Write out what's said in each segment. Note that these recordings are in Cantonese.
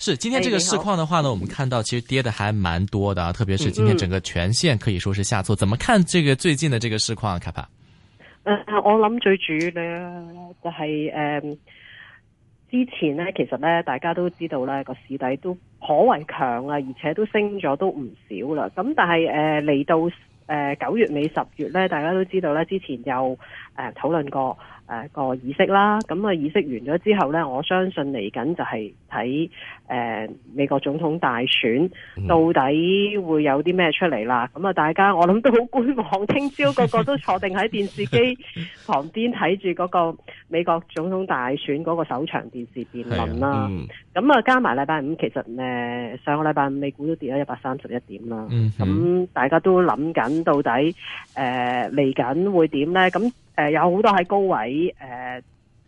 是，今天這個市況的話呢，我們看到其實跌得還蠻多的，特別是今天整個全線可以說是下挫、嗯。怎麼看這個最近的這個市況，啊，卡帕？誒、呃、誒，我諗最主要呢、就是，就係誒，之前呢，其實呢，大家都知道呢，個市底都可為強啦，而且都升咗都唔少啦。咁但係誒嚟到。誒、呃、九月尾十月呢，大家都知道咧，之前有誒、呃、討論過誒、呃、個儀式啦。咁啊儀式完咗之後呢，我相信嚟緊就係睇誒美國總統大選到底會有啲咩出嚟啦。咁、嗯、啊，大家我諗都好觀望，聽朝個個都坐定喺電視機旁邊睇住嗰個。 美國總統大選嗰個首場電視辯論啦，咁啊、嗯、加埋禮拜五，其實誒上個禮拜五美股都跌咗一百三十一點啦，咁、嗯嗯、大家都諗緊到底誒嚟緊會點呢？咁、呃、有好多喺高位誒、呃、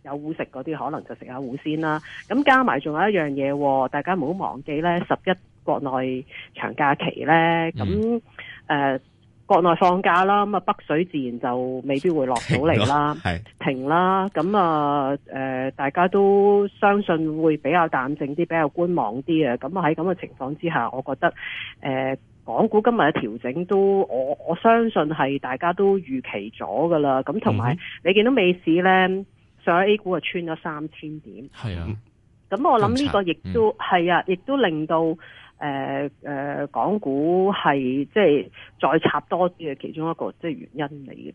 有糊食嗰啲，可能就食下糊先啦。咁加埋仲有一樣嘢，大家唔好忘記呢十一國內長假期呢。咁、呃、誒。嗯呃國內放假啦，咁啊北水自然就未必會落到嚟啦，停啦。咁啊、呃、大家都相信會比較淡靜啲，比較觀望啲啊。咁啊喺咁嘅情況之下，我覺得、呃、港股今日嘅調整都，我我相信係大家都預期咗噶啦。咁同埋你見到美市呢，上一 A 股啊穿咗三千點。嗯嗯、啊，咁我諗呢個亦都係啊，亦都令到。誒、呃、誒、呃，港股係即、係、再插多啲嘅其中一個即、係、原因嚟嘅。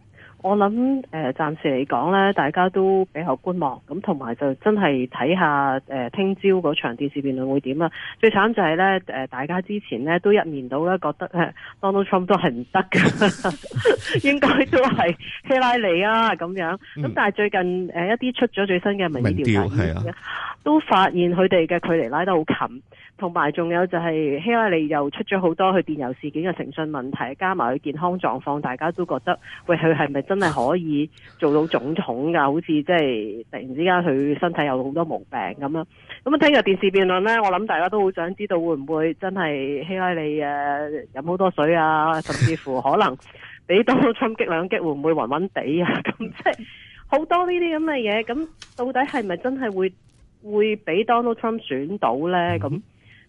我諗誒，暫、呃、時嚟講咧，大家都比較觀望，咁同埋就真係睇下誒，聽朝嗰場電視辯論會點啦。最慘就係咧，誒、呃，大家之前咧都一面到啦，覺得誒，Donald Trump 都係唔得嘅，應該都係希拉里啊咁樣。咁、嗯、但係最近誒、呃，一啲出咗最新嘅民意調查都發現佢哋嘅距離拉得好近。同埋仲有就係希拉里又出咗好多佢電郵事件嘅誠信問題，加埋佢健康狀況，大家都覺得喂佢係咪真係可以做到總統㗎？好似即係突然之間佢身體有好多毛病咁樣。咁啊，聽日電視辯論呢，我諗大家都好想知道會唔會真係希拉里誒飲好多水呀、啊，甚至乎可能俾 Donald Trump 激兩激會唔會暈暈地呀？咁即係好多呢啲咁嘅嘢，咁到底係咪真係會會俾 Donald Trump 選到呢？咁、嗯？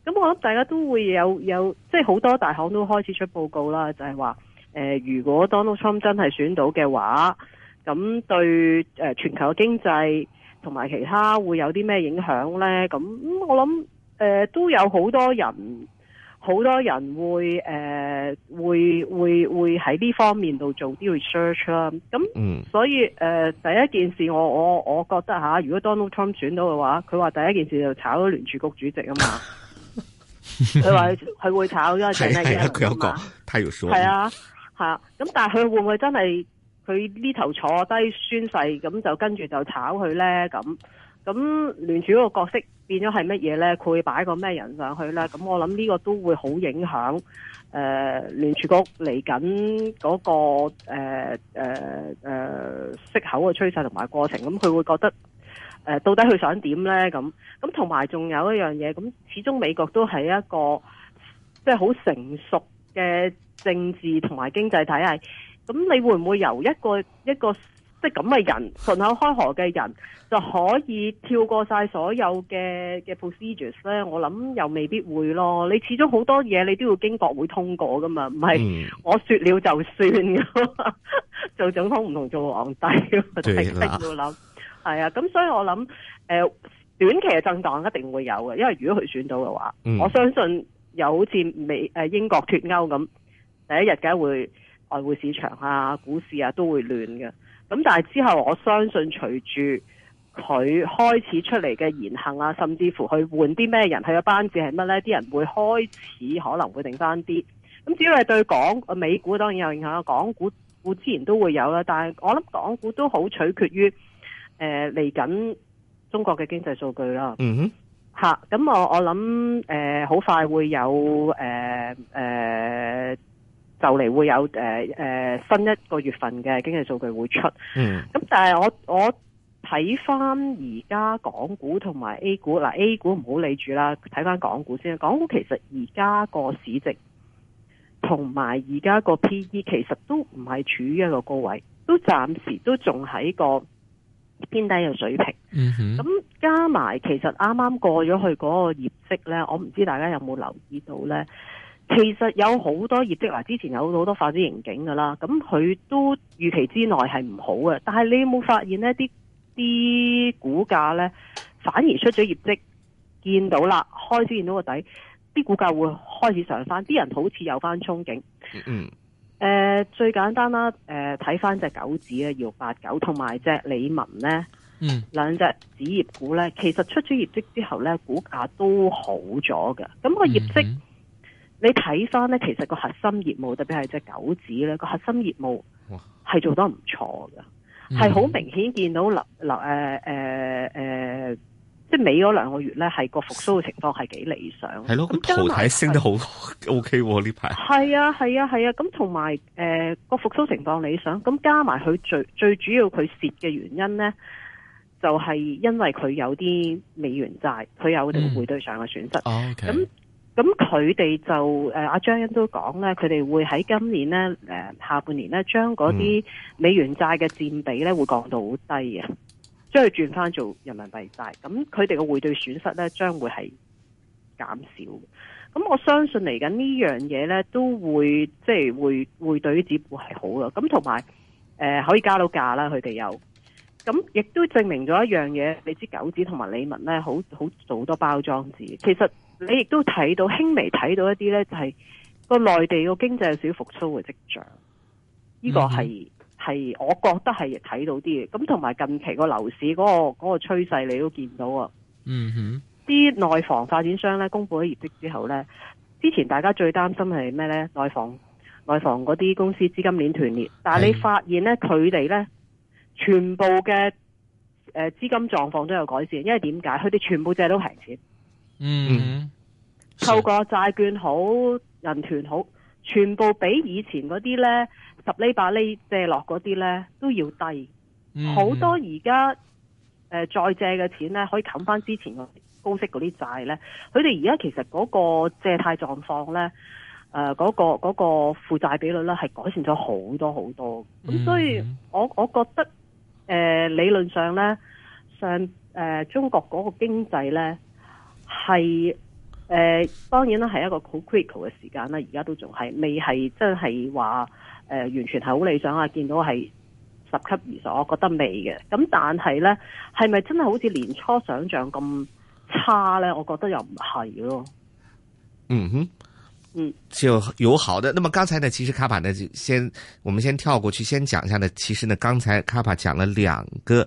咁我諗大家都會有有即係好多大行都開始出報告啦，就係話誒，如果 Donald Trump 真係選到嘅話，咁對誒、呃、全球嘅經濟同埋其他會有啲咩影響咧？咁、嗯、我諗誒、呃、都有好多人好多人會誒、呃、會會會喺呢方面度做啲 research 啦。咁、嗯，所以誒、呃、第一件事我，我我我覺得吓，如果 Donald Trump 選到嘅話，佢話第一件事就炒咗聯儲局主席啊嘛。 佢話佢會炒咗，係係啊，佢有講，太有數。係啊，咁但係佢會唔會真係佢呢頭坐低宣誓，咁就跟住就炒佢呢？咁咁聯儲個角色變咗係乜嘢呢？佢會擺個咩人上去呢？咁我諗呢個都會好影響誒、呃，聯儲局嚟緊嗰個誒誒誒息口嘅趨勢同埋過程，咁佢會覺得。誒，到底佢想點呢？咁咁同埋仲有一樣嘢，咁始終美國都係一個即係好成熟嘅政治同埋經濟體系。咁你會唔會由一個一個即係咁嘅人順口開河嘅人就可以跳過晒所有嘅嘅 procedures 呢？我諗又未必會咯。你始終好多嘢你都要經國會通過噶嘛，唔係我說了就算嘅。嗯、 做總統唔同做皇帝， 定要諗。係啊，咁所以我諗，誒、呃，短期嘅震盪一定會有嘅，因為如果佢選到嘅話、嗯，我相信有好似美誒、呃、英國脫歐咁，第一日梗會外匯市場啊、股市啊都會亂嘅。咁但係之後，我相信隨住佢開始出嚟嘅言行啊，甚至乎佢換啲咩人，佢嘅班子係乜呢，啲人會開始可能會定翻啲。咁只要係對港美股，當然有影響。港股股之前都會有啦，但係我諗港股都好取決於。誒、呃，嚟緊中國嘅經濟數據啦，吓、mm、咁 -hmm. 啊、我我諗誒，好、呃、快會有誒誒、呃呃、就嚟會有誒誒、呃呃、新一個月份嘅經濟數據會出。咁、mm -hmm. 但係我我睇翻而家港股同埋 A 股嗱、啊，A 股唔好理住啦，睇翻港股先。港股其實而家個市值同埋而家個 PE 其實都唔係處於一個高位，都暫時都仲喺個，偏低嘅水平，咁加埋其實啱啱過咗去嗰個業績呢。我唔知大家有冇留意到呢？其實有好多業績，嗱，之前有好多發盈警㗎啦，咁佢都預期之內係唔好嘅。但係你有冇發現呢？啲啲股價呢，反而出咗業績，見到啦，開始見到個底，啲股價會開始上返，啲人好似有返憧憬。嗯。 誒、呃，最簡單啦，誒、呃，睇翻隻九子啊，搖八九，同埋隻李文咧，兩隻紙業股咧，其實出咗業績之後咧，股價都好咗㗎。咁、那個業績、嗯，你睇翻咧，其實個核心業務，特別係隻九子咧，個核心業務係做得唔錯㗎。係、嗯、好明顯見到立立誒誒誒。呃呃呃呃即係尾嗰兩個月咧，係個復甦嘅情況係幾理想。係咯，咁圖睇升得好 OK 喎呢排。係啊，係啊，係啊，咁同埋個復甦情況理想，咁加埋佢最最主要佢蝕嘅原因咧，就係、是、因為佢有啲美元債，佢有啲匯兌上嘅損失。咁咁佢哋就阿、呃、張欣都講咧，佢哋會喺今年咧、呃、下半年咧，將嗰啲美元債嘅佔比咧會降到好低嘅。將佢轉翻做人民幣債，咁佢哋嘅匯兌損失咧將會係減少。咁我相信嚟緊呢樣嘢咧，都會即係會會對於紙股係好嘅。咁同埋誒可以加到價啦，佢哋有。咁亦都證明咗一樣嘢，你知九紙同埋李文咧，好好做好多包裝紙。其實你亦都睇到輕微睇到一啲咧，就係個內地個經濟有少少復蘇嘅跡象。呢個係。嗯係，我覺得係睇到啲嘅，咁同埋近期的樓、嗰個樓市嗰個嗰個趨勢，你都見到啊！嗯哼，啲內房發展商咧公布咗業績之後咧，之前大家最擔心係咩咧？內房內房嗰啲公司資金鏈斷裂，但係你發現咧，佢哋咧全部嘅誒資金狀況都有改善，因為點解？佢哋全部借都平錢嗯，嗯，透過債券好，人團好，全部比以前嗰啲咧。十厘八厘借落嗰啲呢都要低，好、mm -hmm. 多而家再借嘅錢呢，可以冚翻之前個高息嗰啲債呢，佢哋而家其實嗰個借貸狀況呢誒嗰、呃那個嗰、那個負債比率呢，係改善咗好多好多。咁所以我我覺得、呃、理論上呢，上、呃、中國嗰個經濟呢，係。誒、呃，當然啦，係一個好 critical 嘅時間啦，而家都仲係未係真係話誒，完全係好理想啊！見到係十級而上，我覺得未嘅。咁但係咧，係咪真係好似年初想象咁差咧？我覺得又唔係咯。嗯哼，嗯，就有好的。那麼剛才呢，其實卡帕呢，就先，我們先跳過去，先講一下呢。其實呢，剛才卡帕講了兩個。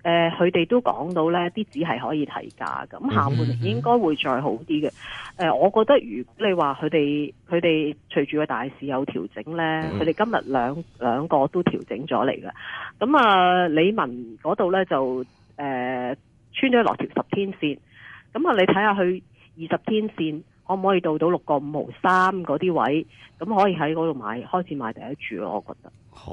誒、呃，佢哋都講到咧，啲紙係可以提價，咁下半年應該會再好啲嘅。誒、呃，我覺得如果你話佢哋佢哋隨住個大市有調整咧，佢、嗯、哋今日兩兩個都調整咗嚟㗎。咁啊，李文嗰度咧就誒、呃、穿咗落條十天線。咁啊，你睇下佢二十天線可唔可以到到六個五毫三嗰啲位？咁可以喺嗰度買開始買第一注咯。我覺得好。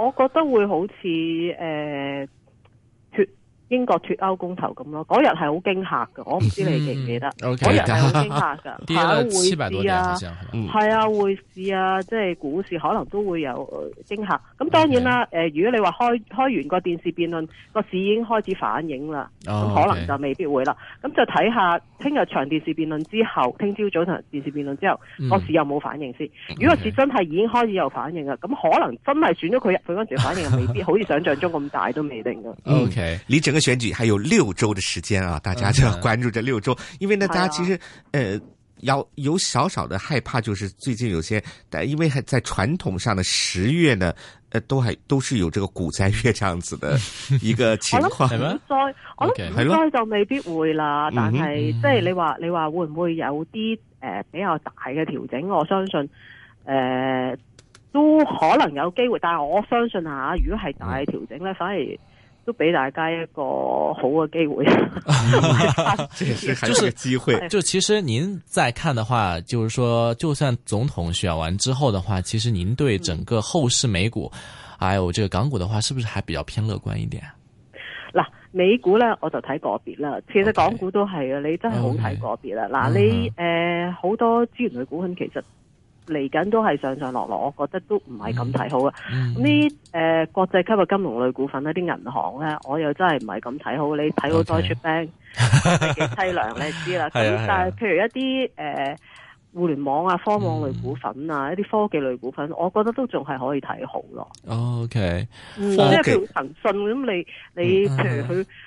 我覺得會好似誒，呃英國脫歐公投咁咯，嗰日係好驚嚇㗎。我唔知你記唔記得？嗰日係好驚嚇嘅，都 會知啊，係、嗯、啊會知啊，即係股市可能都會有驚嚇。咁當然啦，okay, 如果你話開，開完個電視辯論，個市已經開始反應啦，咁可能就未必會啦。咁、okay, 就睇下聽日場電視辯論之後，聽朝早同電視辯論之後，個市有冇反應先。嗯、okay, 如果個市真係已經開始有反應啊，咁可能真係選咗佢入去嗰陣時反應未必 好似想像中咁大都未定㗎。O、okay, K.、嗯、你仲選舉還有六周的時間啊，大家就要關注這六周、嗯，因為呢，大家其實、啊、呃，有有少少的害怕，就是最近有些，但因為還在傳統上的十月呢，呃，都還都是有這個股災月這樣子的一個情況。股災，我諗股災就未必會啦，Okay. 但係即係你話你話會唔會有啲誒、呃、比較大嘅調整？我相信誒、呃、都可能有機會，但係我相信啊，如果係大嘅調整咧、嗯，反而。都俾大家一個好嘅機會， 就是 就是、機會 就其實您在看的話，就是說，就算總統選完之後的話，其實您對整個後市美股，還、嗯、有、哎、這個港股的話，是不是還比較偏樂觀一點？嗱，美股咧我就睇個別啦，其實港股都係啊、okay, okay，你真係好睇個別啦。嗱、uh-huh. 呃，你誒好多資源類股份其實。嚟緊都係上上落落，我覺得都唔係咁睇好啊！咁啲誒國際級嘅金融類股份咧，啲銀行咧，我又真係唔係咁睇好。你睇好再出兵，幾淒涼你知啦、啊。但係、啊、譬如一啲誒、呃、互聯網啊、科網類股份啊、嗯、一啲科技類股份，我覺得都仲係可以睇好咯。OK，,、嗯、okay. 即係譬如騰訊咁你你譬如佢。嗯啊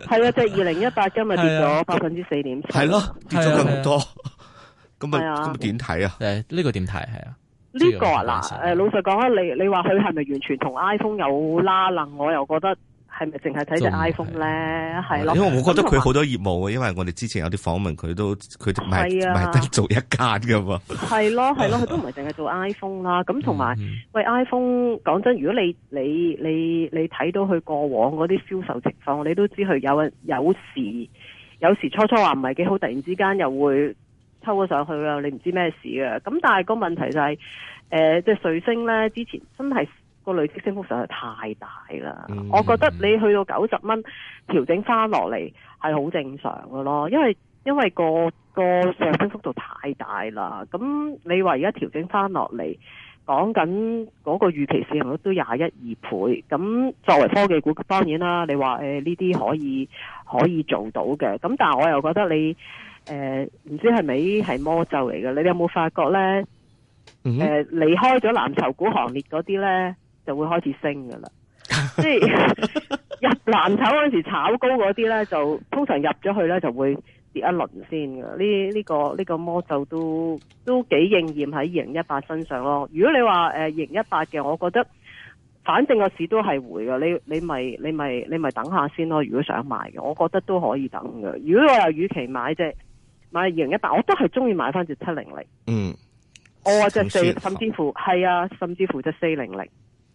係、就是、啊，即係二零一八今日跌咗百分之四點，係咯跌咗咁多，咁啊咁點睇啊？誒，呢個點睇係啊？呢個啊嗱，誒，老實講啊，你你話佢係咪完全同 iPhone 有拉楞？我又覺得。係咪淨係睇隻 iPhone 咧？係咯、啊，因為我覺得佢好多業務嘅，因為我哋之前有啲訪問佢都佢唔係唔係得做一間嘅喎。係咯係咯，佢、啊啊啊啊、都唔係淨係做 iPhone 啦。咁同埋喂 iPhone，講真，如果你你你你睇到佢過往嗰啲銷售情況，你都知佢有有時有時初初話唔係幾好，突然之間又會抽咗上去啦。你唔知咩事嘅。咁但係個問題就係、是、誒、呃，即係瑞星咧，之前真係。個累積升幅實在太大啦，嗯。我覺得你去到九十蚊調整翻落嚟係好正常噶咯，因為因為，嗰個，嗰個上升幅度太大啦。咁你話而家調整翻落嚟，講緊嗰個預期市盈率都廿一二倍。咁作為科技股，當然啦，你話誒呢啲可以可以做到嘅。咁但係我又覺得你誒唔，呃，知係咪係魔咒嚟嘅？你有冇發覺呢？離，嗯呃，開咗藍籌股行列嗰啲呢？就會開始升噶啦，即係入藍籌炒嗰陣時，炒高嗰啲呢，就通常入咗去呢，就會跌一輪先噶。呢呢、呢個呢、呢個魔咒都都幾應驗喺二零一八身上咯。如果你話誒二零一八嘅，我覺得反正個市都係回㗎。你你咪你咪你咪等下先咯。如果想買嘅，我覺得都可以等㗎。如果我又預期買隻買二零一八，我都係中意買翻隻七零零。嗯，我即係四，甚至乎係啊，甚至乎即四零零。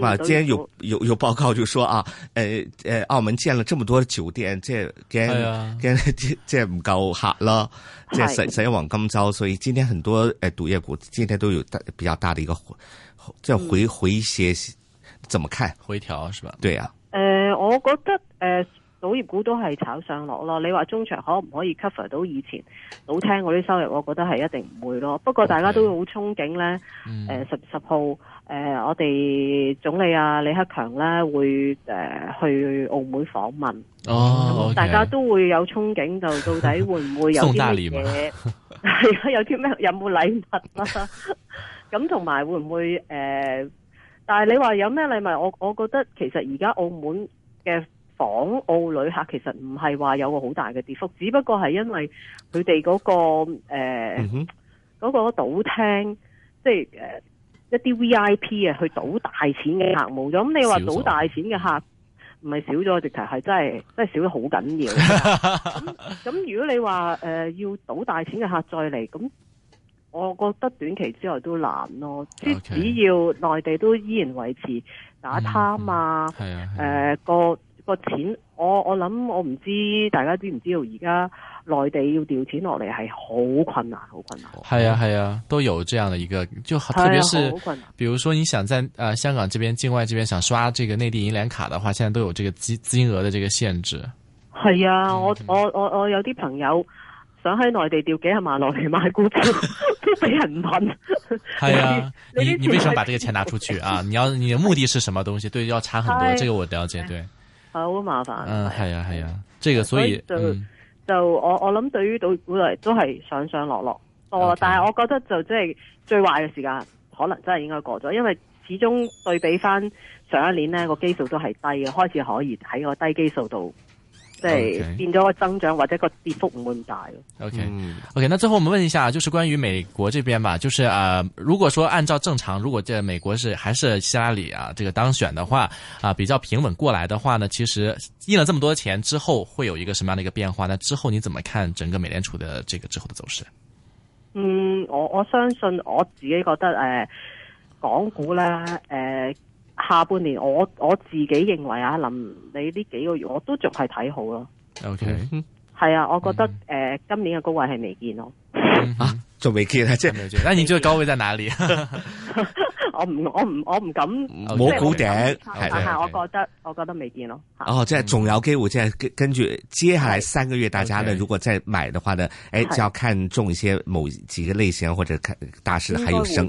哇、嗯！今日有、嗯、有有，有報告就說啊，誒、呃、誒、呃，澳門建了這麼多酒店，即係驚驚，即係唔夠客啦，即係使使黃金周，所以今天很多誒賭業股，今天都有大比較大的一個再回、嗯、回一些，怎麼看回調是吧？對啊誒、呃，我覺得誒，賭、呃、業股都係炒上落咯。你話中場可唔可以 cover 到以前老廳嗰啲收入？我覺得係一定唔會咯。不過大家都好憧憬咧，誒十十號。誒，我哋總理啊，李克強咧會誒去澳門訪問，咁大家都會有憧憬，就到底會唔會有啲乜嘢？係啊，有啲咩？有冇禮物啊？咁同埋會唔會誒？但係你話有咩禮物？我我覺得其實而家澳門嘅訪澳旅客其實唔係話有個好大嘅跌幅，只不過係因為佢哋嗰個誒嗰個賭廳，即係誒。一啲 V I P 啊，去賭大錢嘅客冇咗，咁你話賭大錢嘅客唔係少咗，直頭係真係真係少得好緊要。咁 咁如果你話、呃、要賭大錢嘅客再嚟，咁我覺得短期之內都難咯。Okay. 即只要內地都依然維持打貪啊，嗯個錢，我我諗我唔知大家知唔知道，而家內地要調錢落嚟係好困難，好困難。係啊係啊，都有這樣的一個，就特別是，是啊、好困難，比如說你想在誒、呃、香港這邊、境外這邊想刷這個內地銀聯卡的話，現在都有這個金金額的這個限制。係啊，我、嗯、我我我有啲朋友想喺內地調幾十萬落嚟買股票， 都俾人問。係啊， 你你為什麼把這個錢拿出去啊？你要你的目的是什麼東西？ 對，要差很多，這個我了解。對。係好麻煩，嗯係啊係啊，即係、啊啊啊這個、所，所以就，嗯、就我我諗對於到股嚟都係上上落落，哦、okay.，但係我覺得就即係最壞嘅時間可能真係應該過咗，因為始終對比翻上，上一年呢個基數都係低嘅，開始可以喺個低基數度。即、就、係、是、變咗個增長或者個跌幅唔會咁大。OK OK，那最後我們問一下，就是關於美國這邊吧，就是啊、呃，如果說按照正常，如果這美國是還是希拉里啊，這個當選的話，啊、呃、比較平穩過來的話呢，其實印了這麼多錢之後，會有一個什麼樣的一個變化呢？那之後你怎麼看整個美聯儲的這個之後的走勢？嗯，我我相信我自己覺得誒、呃，港股啦誒。呃下半年我我自己認為啊林，你呢幾個月我都仲係睇好咯。O K，係啊，我覺得誒、嗯呃、今年嘅高位係未見咯。啊，仲未見啊，即係，但係你最高位在哪裏啊 我唔，我唔，我唔敢。冇估頂，但係我，okay. 我覺得，我覺得未見咯。哦、okay. 啊，即係仲有機會，我即係根根據接下來三個月大家呢，okay. 如果再買的話呢，誒、okay. 欸、就要看中一些某幾個類型或者看大市還有升。